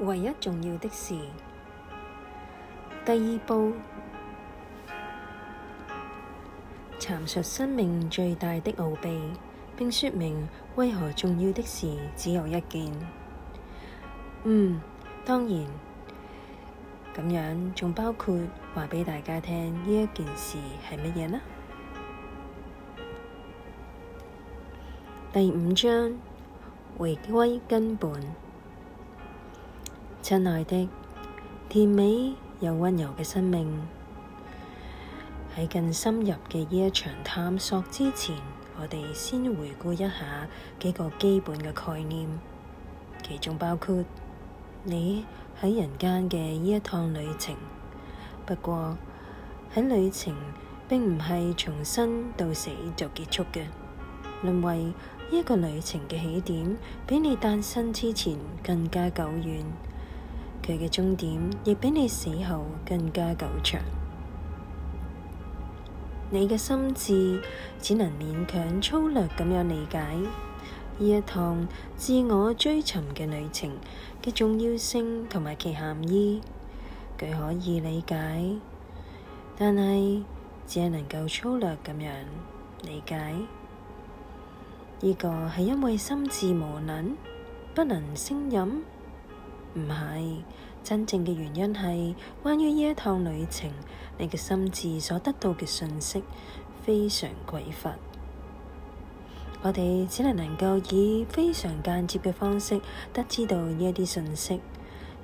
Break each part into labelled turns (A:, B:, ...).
A: 唯一重要的事，第二部闡述生命最大的奧秘，並說明為何重要的事只有一件。嗯，當然，咁樣仲包括話畀大家聽，呢一件事係乜嘢呢？第五章，回歸根本。親愛的甜美又溫柔嘅生命，喺更深入嘅呢一場探索之前，我哋先回顧一下幾個基本嘅概念，其中包括你喺人間嘅呢一趟旅程。不過喺旅程，並唔係從生到死就結束嘅。淪為呢一個旅程嘅起點，比你誕生之前更加久遠。佢嘅終點亦比你死後更加久長。你嘅心智只能勉強粗略咁樣理解，呢一趟自我追尋嘅旅程嘅重要性同埋其含意，佢可以理解，但係只係能夠粗略咁樣理解。呢、這個係因為心智無能，不能勝任。唔係，真正嘅原因係關於呢一趟旅程，你嘅心智所得到嘅信息，非常匱乏。我哋只能能夠以非常間接嘅方式得知道呢一啲信息，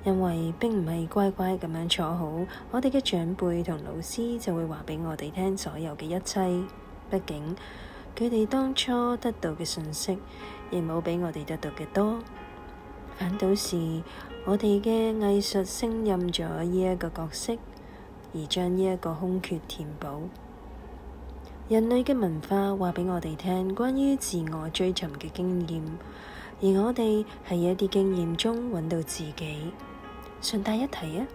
A: 因為並唔係乖乖咁樣坐好，我哋嘅長輩同老師就會話俾我哋聽所有嘅一切。畢竟佢哋當初得到嘅信息亦冇比我哋得到嘅多，反倒是。我哋嘅藝術承任咗呢一個角色，而將呢一個空缺填補。人類嘅文化話畀我哋聽，關於自我追尋嘅經驗，而我哋係喺一啲經驗中揾到自己。順帶一提啊，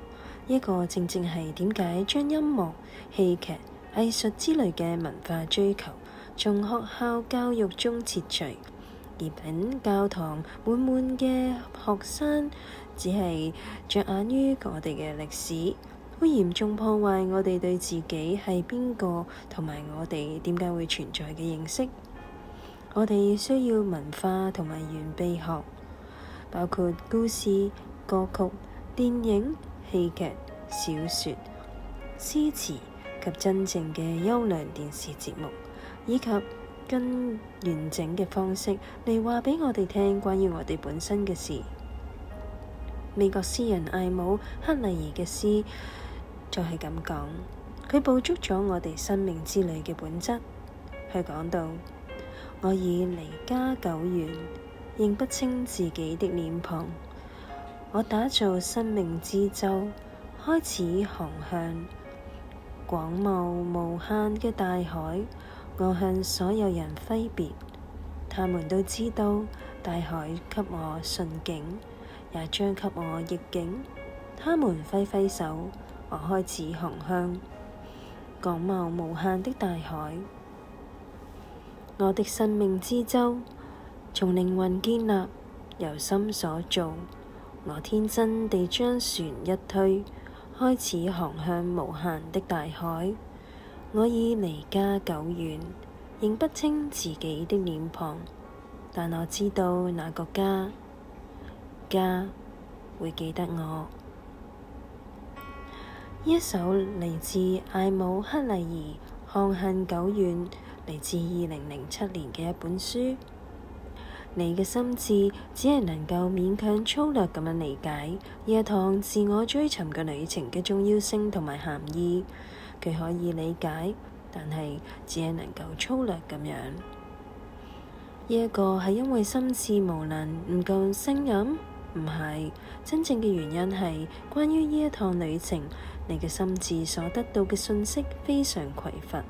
A: 呢個正正係點解將音樂、戲劇、藝術之類嘅文化追求，從學校教育中撤除，而等教堂滿滿嘅學生。只係着眼於我哋嘅歷史，會嚴重破壞我哋對自己係邊個同埋我哋點解會存在嘅認識，我哋需要文化同埋言備學，包括故事、歌曲、電影、戲劇、小說、詩詞及真正嘅優良電視節目，以及更完整嘅方式嚟話畀我哋聽關於我哋本身嘅事。美國詩人艾姆·克麗兒嘅詩就係咁講，佢捕捉咗我哋生命之旅嘅本質。佢講到：我已離家久遠，認不清自己的臉龐。我打造生命之舟，開始航向廣袤無限嘅大海。我向所有人揮別，他們都知道大海給我順境。也將給我逆境，他們揮揮手，我開始航向廣袤無限的大海。我的生命之舟，從靈魂建立，由心所造。我天真地將船一推，開始航向無限的大海。我已離家久遠，認不清自己的臉龐，但我知道那個家。家會記得我，一首嚟自艾姆克利兒《看恨久遠》，嚟自二零零七年嘅一本書。你嘅心智只係能夠勉強粗略咁樣理解夜堂自我追尋嘅旅程嘅重要性同埋含義，佢可以理解，但係只係能夠粗略咁樣。呢一個係因為心智無能不聲音，唔夠勝任。唔係，真正嘅原因係關於呢一趟旅程，你嘅心智所得到嘅信息非常匱乏。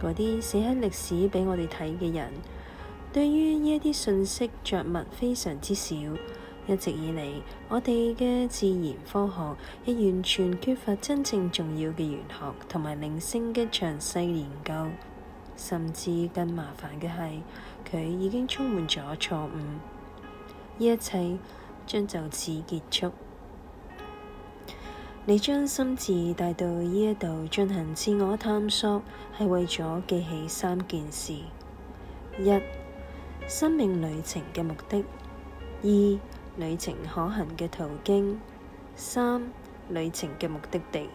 A: 嗰啲寫喺歷史俾我哋睇嘅人，對於呢一啲信息着物非常之少。一直以嚟，我哋嘅自然科學亦完全缺乏真正重要嘅玄學同埋零星嘅詳細研究。甚至更麻煩嘅係，佢已經充滿咗錯誤。呢一切將就此結束。你將心智帶到呢一度進行自我探索，係為咗記起三件事：一、生命旅程嘅目的；二、旅程可行嘅途徑；三、旅程嘅目的地。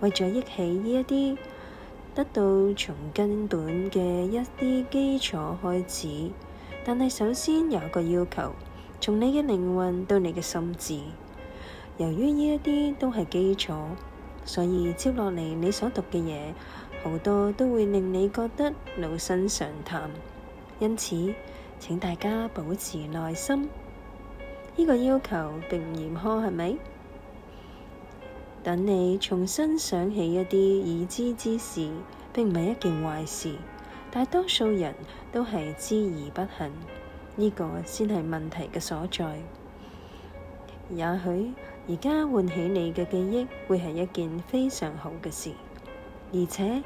A: 為咗憶起呢一啲，得到從根本嘅一啲基礎開始。但係首先有個要求。從你嘅靈魂到你嘅心智，由於呢一啲都係基礎，所以接落嚟你所讀嘅嘢好多都會令你覺得老生常談。因此，請大家保持耐心。呢、這個要求並唔嚴苛，係咪？等你重新想起一啲已知之事，並唔係一件壞事。大多數人都係知而不行。呢個先係問題嘅所在。也許而家喚起你嘅記憶會係一件非常好嘅事，而且，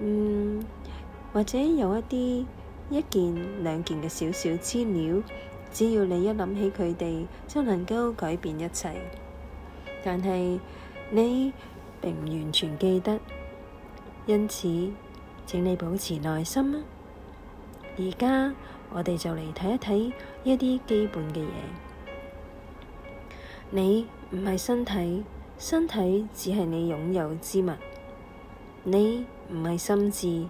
A: 嗯，或者有一啲一件兩件嘅少少資料，只要你一諗起佢哋，就能夠改變一切。但係你並唔完全記得，因此，請你保持耐心啊！而家。我哋就嚟睇一睇一啲基本嘅嘢。你唔係身體，身體只係你擁有之物；你唔係心智，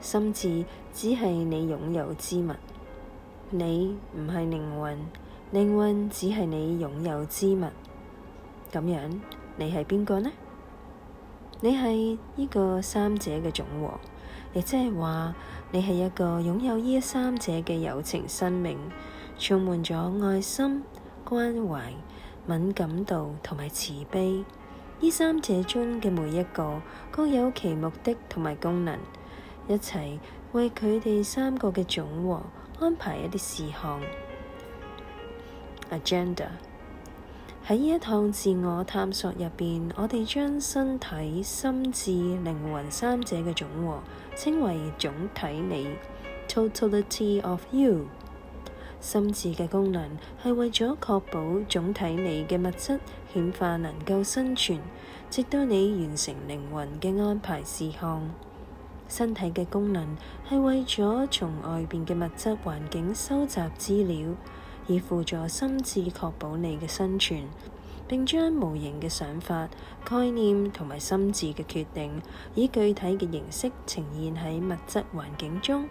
A: 心智只係你擁有之物；你唔係靈魂，靈魂只係你擁有之物。咁樣，你係邊個呢？你係呢個三者嘅總和。亦即係話，你係一個擁有呢三者嘅友情生命，充滿咗愛心、關懷、敏感度同埋慈悲。呢三者中嘅每一個，各有其目的同埋功能，一齊為佢哋三個嘅總和安排一啲事項 （agenda）。Ag 喺呢一趟自我探索入邊，我哋將身體、心智、靈魂三者嘅總和稱為總體你 （totality of you）。心智嘅功能係為咗確保總體你嘅物質顯化能夠生存，直到你完成靈魂嘅安排事項。身體嘅功能係為咗從外邊嘅物質環境收集資料。以輔助心智確保你嘅生存，並將無形嘅想法、概念同埋心智嘅決定，以具體嘅形式呈現喺物質環境中。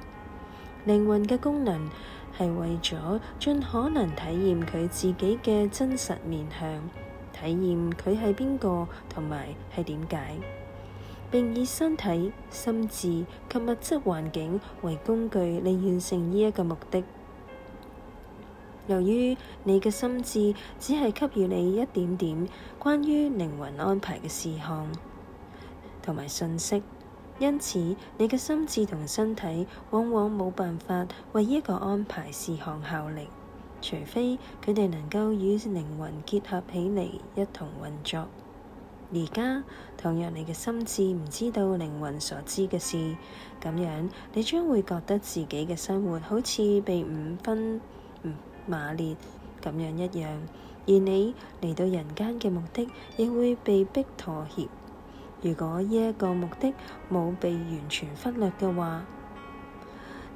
A: 靈魂嘅功能係為咗盡可能體驗佢自己嘅真實面向，體驗佢係邊個同埋係點解，並以身體、心智及物質環境為工具嚟完成呢一個目的。由於你嘅心智只係給予你一點點關於靈魂安排嘅事項同埋信息，因此你嘅心智同身體往往冇辦法為一個安排事項效力，除非佢哋能夠與靈魂結合起嚟一同運作。而家同若同樣，你嘅心智唔知道靈魂所知嘅事，咁樣你將會覺得自己嘅生活好似被五分。馬列咁樣一樣，而你嚟到人間嘅目的，亦會被迫妥協。如果呢一個目的冇被完全忽略嘅話，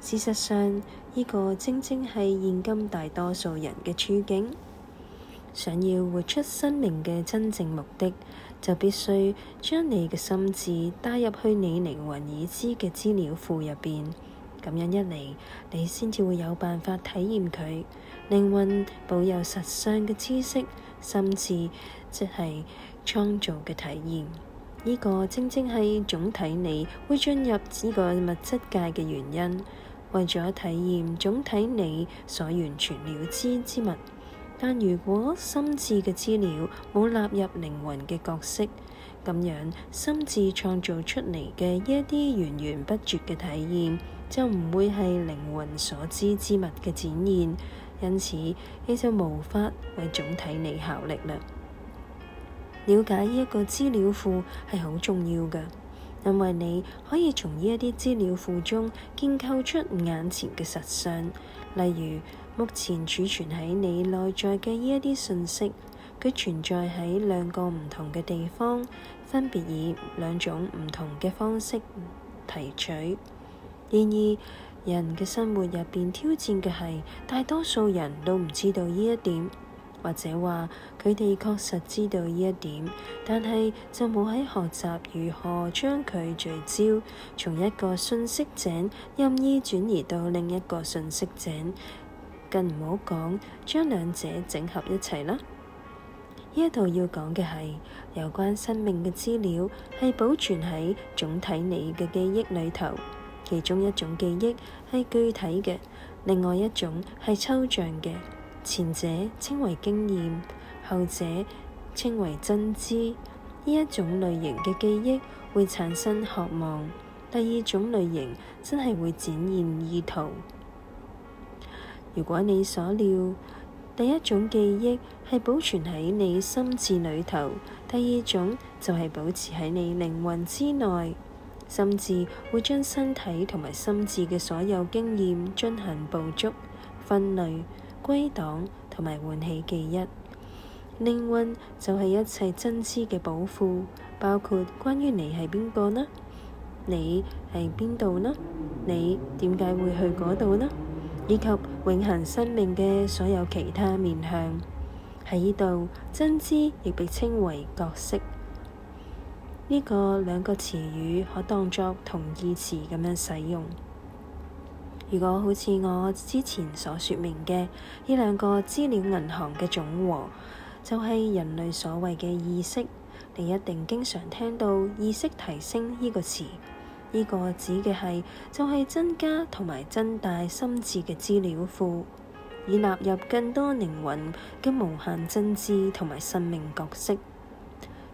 A: 事實上呢，呢個正正係現今大多數人嘅處境。想要活出生命嘅真正目的，就必須將你嘅心智帶入去你靈魂已知嘅資料庫入邊。咁樣一嚟，你先至會有辦法體驗佢。靈魂保有實相嘅知識，心智即係創造嘅體驗。呢個正正係總體你會進入呢個物質界嘅原因，為咗體驗總體你所完全了知之物。但如果心智嘅資料冇納入靈魂嘅角色，咁樣心智創造出嚟嘅一啲源源不絕嘅體驗，就唔會係靈魂所知之物嘅展現。因此，你就無法為總體你效力啦。了解一個資料庫係好重要噶因為你可以從呢一啲資料庫中建構出眼前嘅實相。例如，目前儲存喺你內在嘅呢一啲信息，佢存在喺兩個唔同嘅地方，分別以兩種唔同嘅方式提取。然而，人嘅生活入邊挑戰嘅係，大多數人都唔知道呢一點，或者話佢哋確實知道呢一點，但係就冇喺學習如何將佢聚焦，從一個信息井任意轉移到另一個信息井，更唔好講將兩者整合一齊啦。呢一度要講嘅係有關生命嘅資料係保存喺總體你嘅記憶裏頭。其中一種記憶係具體嘅，另外一種係抽象嘅。前者稱為經驗，後者稱為真知。呢一種類型嘅記憶會產生渴望，第二種類型真係會展現意圖。如果你所料，第一種記憶係保存喺你心智裏頭，第二種就係保持喺你靈魂之內。甚至會將身體同埋心智嘅所有經驗進行捕捉、分類、歸檔同埋喚起記憶。靈魂就係一切真知嘅寶庫，包括關於你係邊個呢？你係邊度呢？你點解會去嗰度呢？以及永恆生命嘅所有其他面向。喺呢度，真知亦被稱為角色。呢個兩個詞語可當作同義詞咁樣使用。如果好似我之前所説明嘅，呢兩個資料銀行嘅總和就係、是、人類所謂嘅意識。你一定經常聽到意識提升呢個詞，呢、這個指嘅係就係、是、增加同埋增大心智嘅資料庫，以納入更多靈魂跟無限真知同埋神明角色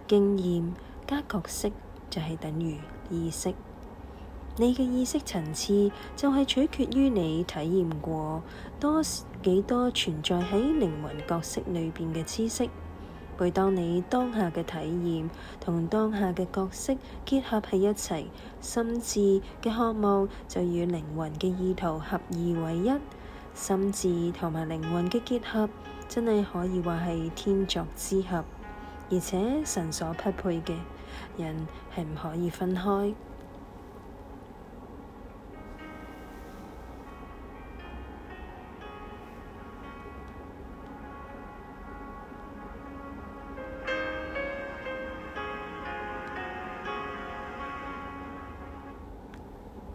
A: 經驗。角色就係等於意識，你嘅意識層次就係取決於你體驗過多幾多存在喺靈魂角色裏邊嘅知識。每當你當下嘅體驗同當下嘅角色結合喺一齊，心智嘅渴望就與靈魂嘅意圖合二為一。心智同埋靈魂嘅結合真係可以話係天作之合，而且神所匹配嘅。人係唔可以分開。